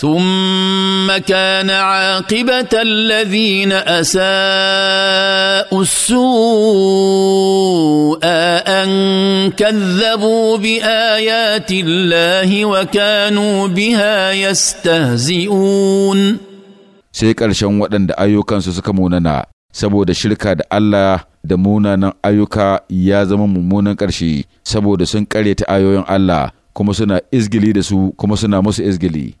ثم كان عاقبه الذين اساءوا السوء ان كذبوا بايات الله وكانوا بها يستهزئون sai ƙarshen waɗanda ayyukansu suka munana saboda shirka da Allah da munanan ayyuka ya zama mummunan ƙarshe saboda sun ƙaryata ayoyin Allah kuma suna izgili da su kuma suna musu izgili